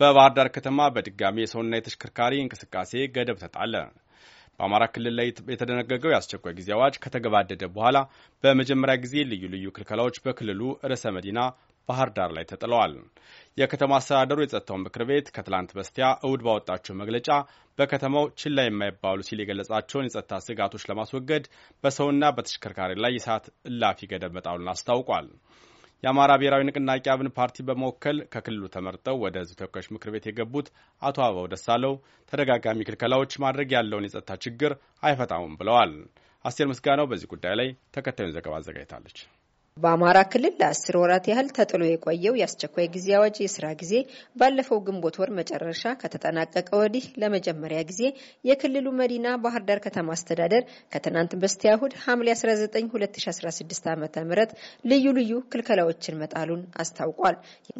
በባህር ዳር ከተማ በድጋሚ የሰውና የተሽከርካሪ እንቅስቃሴ ገደብ ተጣለ። በአማራ ክልል ላይ የተደነገገው የአስቸኳይ ጊዜ አዋጅ ከተገባደደ በኋላ በመጀመሪያ ጊዜ ልዩ ልዩ ክልከላዎች በክልሉ ርዕሰ መዲና ባህር ዳር ላይ ተጥለዋል። የከተማ አስተዳደሩ የጸጥታው ምክር ቤት ከትላንት በስቲያ እሁድ ባወጣቸው መግለጫ በከተማው ችላ የማይባሉ ሲል የገለጻቸውን የጸጥታ ስጋቶች ለማስወገድ በሰውና በተሽከርካሪ ላይ የሰዓት እላፊ ገደብ መጣሉን አስታውቋል። የአማራ ብሔራዊ ንቅናቄ አብን ፓርቲ በመወከል ከክልሉ ተመርጠው ወደ ህዝብ ተወካዮች ምክር ቤት የገቡት አቶ አበባው ደሳለው ተደጋጋሚ ክልከላዎች ማድረግ ያለውን የጸጥታ ችግር አይፈታሙም ብለዋል። አስቴር ምስጋናው በዚህ ጉዳይ ላይ ተከታዩን ዘገባ አዘጋጅታለች። በአማራ ክልል ለአስር ወራት ያህል ተጥሎ የቆየው የአስቸኳይ ጊዜ አዋጅ የስራ ጊዜ ባለፈው ግንቦት ወር መጨረሻ ከተጠናቀቀ ወዲህ ለመጀመሪያ ጊዜ የክልሉ መዲና ባህር ዳር ከተማ አስተዳደር ከትናንት በስቲያ እሁድ ሐምሌ 19 2016 ዓ ም ልዩ ልዩ ክልከላዎችን መጣሉን አስታውቋል።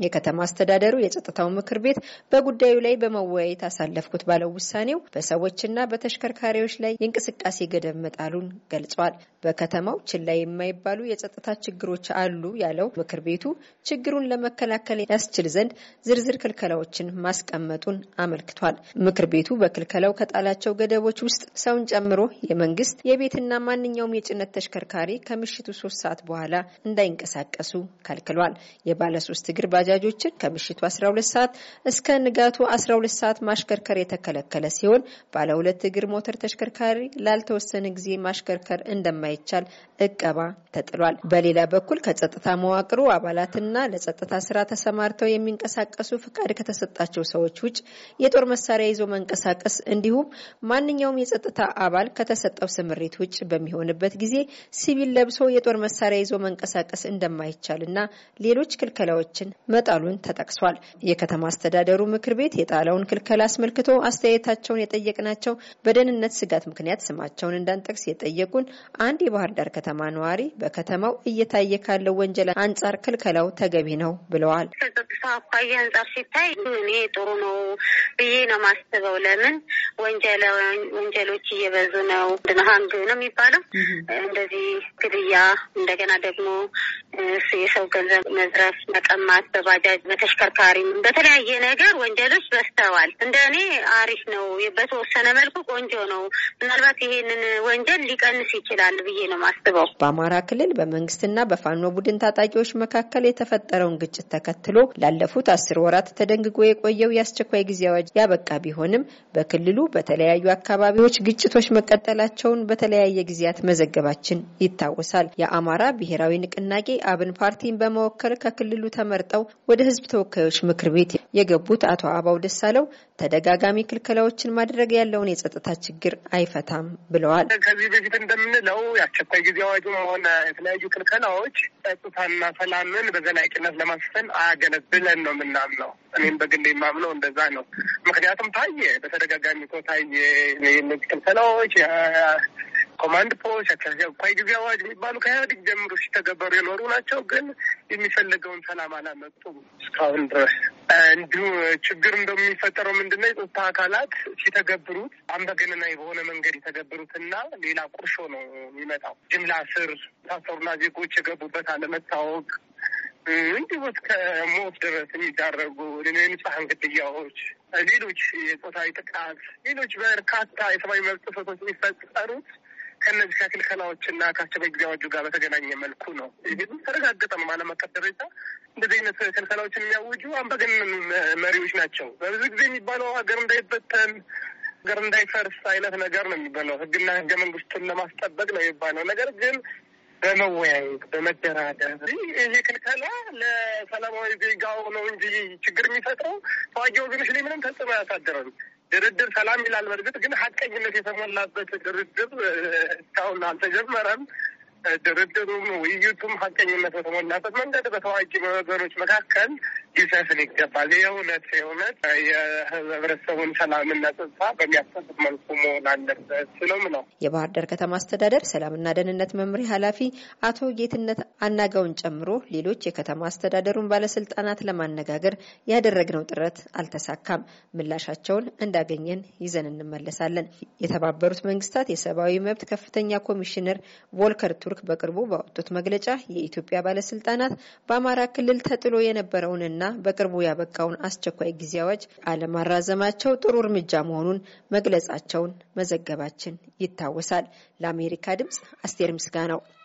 የከተማ አስተዳደሩ የጸጥታው ምክር ቤት በጉዳዩ ላይ በመወያየት አሳለፍኩት ባለው ውሳኔው በሰዎችና በተሽከርካሪዎች ላይ የእንቅስቃሴ ገደብ መጣሉን ገልጿል። በከተማው ችላ የማይባሉ የጸጥታ ችግሮች አሉ ያለው ምክር ቤቱ ችግሩን ለመከላከል ያስችል ዘንድ ዝርዝር ክልከላዎችን ማስቀመጡን አመልክቷል። ምክር ቤቱ በክልከላው ከጣላቸው ገደቦች ውስጥ ሰውን ጨምሮ የመንግስት የቤትና ማንኛውም የጭነት ተሽከርካሪ ከምሽቱ ሶስት ሰዓት በኋላ እንዳይንቀሳቀሱ ከልክሏል። የባለሶስት እግር ባጃጆችን ከምሽቱ 12 ሰዓት እስከ ንጋቱ 12 ሰዓት ማሽከርከር የተከለከለ ሲሆን ባለ ሁለት እግር ሞተር ተሽከርካሪ ላልተወሰነ ጊዜ ማሽከርከር እንደማይ የማይቻል እቀባ ተጥሏል። በሌላ በኩል ከጸጥታ መዋቅሩ አባላትና ለጸጥታ ስራ ተሰማርተው የሚንቀሳቀሱ ፍቃድ ከተሰጣቸው ሰዎች ውጭ የጦር መሳሪያ ይዞ መንቀሳቀስ እንዲሁም ማንኛውም የጸጥታ አባል ከተሰጠው ስምሪት ውጭ በሚሆንበት ጊዜ ሲቪል ለብሶ የጦር መሳሪያ ይዞ መንቀሳቀስ እንደማይቻል እና ሌሎች ክልከላዎችን መጣሉን ተጠቅሷል። የከተማ አስተዳደሩ ምክር ቤት የጣለውን ክልከላ አስመልክቶ አስተያየታቸውን የጠየቅናቸው በደህንነት ስጋት ምክንያት ስማቸውን እንዳንጠቅስ የጠየቁን አንድ አንድ የባህር ዳር ከተማ ነዋሪ በከተማው እየታየ ካለው ወንጀል አንጻር ክልከላው ተገቢ ነው ብለዋል። ከጸጥታ አኳያ አንጻር ሲታይ እኔ ጥሩ ነው ብዬ ነው ማስበው። ለምን ወንጀሎች እየበዙ ነው። ሀንግ ነው የሚባለው እንደዚህ ግድያ፣ እንደገና ደግሞ የሰው ገንዘብ መዝረፍ፣ መቀማት፣ በባጃጅ በተሽከርካሪ በተለያየ ነገር ወንጀሎች በዝተዋል። እንደ እኔ አሪፍ ነው፣ በተወሰነ መልኩ ቆንጆ ነው። ምናልባት ይሄንን ወንጀል ሊቀንስ ይችላል ብዬ ነው ማስበው። በአማራ ክልል በመንግስትና በፋኖ ቡድን ታጣቂዎች መካከል የተፈጠረውን ግጭት ተከትሎ ላለፉት አስር ወራት ተደንግጎ የቆየው የአስቸኳይ ጊዜ አዋጅ ያበቃ ቢሆንም በክልሉ በተለያዩ አካባቢዎች ግጭቶች መቀጠላቸውን በተለያየ ጊዜያት መዘገባችን ይታወሳል። የአማራ ብሔራዊ ንቅናቄ አብን ፓርቲን በመወከል ከክልሉ ተመርጠው ወደ ህዝብ ተወካዮች ምክር ቤት የገቡት አቶ አባው ደሳለው ተደጋጋሚ ክልከላዎችን ማድረግ ያለውን የጸጥታ ችግር አይፈታም ብለዋል። ከዚህ በፊት እንደምንለው የአስቸኳይ ጊዜ አዋጁም ሆነ የተለያዩ ክልከላዎች ጸጥታና ሰላምን በዘላቂነት ለማስፈን አያገለብለን ነው የምናምነው። እኔም በግል የማምነው እንደዛ ነው። ምክንያቱም ታየ፣ በተደጋጋሚ እኮ ታየ እነዚህ ክልከላዎች ኮማንድ ፖስት አካባቢ አቋይ ጊዜ አዋጅ የሚባሉ ከኢህአዴግ ጀምሮ ሲተገበሩ የኖሩ ናቸው። ግን የሚፈለገውን ሰላም አላመጡም እስካሁን ድረስ። እንዲሁ ችግር እንደሚፈጠረው ምንድነው የጸጥታ አካላት ሲተገብሩት አምባገነናዊ በሆነ መንገድ የተገብሩትና ሌላ ቁርሾ ነው የሚመጣው። ጅምላ ስር ታሰሩና ዜጎች የገቡበት አለመታወቅ እንዲሁ እስከ ሞት ድረስ የሚዳረጉ የንጹሐን ግድያዎች፣ ሌሎች የጾታዊ ጥቃት፣ ሌሎች በርካታ የሰብአዊ መብት ጥሰቶች የሚፈጠሩት ከነዚህ ሸክል ከላዎች እና ከአስቸኳይ ጊዜ አዋጁ ጋር በተገናኘ መልኩ ነው። ይህም ተረጋገጠ ነው። ዓለም አቀፍ ደረጃ እንደዚህ አይነት ክልከላዎችን የሚያውጁ አምባገነን መሪዎች ናቸው። በብዙ ጊዜ የሚባለው ሀገር እንዳይበተን ሀገር እንዳይፈርስ አይነት ነገር ነው የሚባለው። ህግና ህገ መንግስቱን ለማስጠበቅ ነው የሚባለው ነገር ግን በመወያየት በመደራደር ይሄ ክልከላ ለሰላማዊ ዜጋው ነው እንጂ ችግር የሚፈጥረው ተዋጊ ወገኖች ላይ ምንም ተጽዕኖ አያሳድርም። ድርድር ሰላም ይላል። በእርግጥ ግን ሀቀኝነት የተሞላበት ድርድር እስካሁን አልተጀመረም። ድርድሩም ውይይቱም ሀቀኝነት በተሞላበት መንገድ በተዋጊ ወገኖች መካከል ሊሰፍን ይገባል። የእውነት የእውነት የህብረተሰቡን ሰላምና ጸጥታ በሚያስጠብቅ መልኩ መሆን አለበት ስለም ነው። የባህር ዳር ከተማ አስተዳደር ሰላምና ደህንነት መምሪያ ኃላፊ አቶ ጌትነት አናጋውን ጨምሮ ሌሎች የከተማ አስተዳደሩን ባለስልጣናት ለማነጋገር ያደረግነው ጥረት አልተሳካም። ምላሻቸውን እንዳገኘን ይዘን እንመለሳለን። የተባበሩት መንግስታት የሰብአዊ መብት ከፍተኛ ኮሚሽነር ቮልከር ቱርክ በቅርቡ ባወጡት መግለጫ የኢትዮጵያ ባለስልጣናት በአማራ ክልል ተጥሎ የነበረውንና እና በቅርቡ ያበቃውን አስቸኳይ ጊዜ አዋጅ አለማራዘማቸው ጥሩ እርምጃ መሆኑን መግለጻቸውን መዘገባችን ይታወሳል። ለአሜሪካ ድምጽ አስቴር ምስጋ ነው።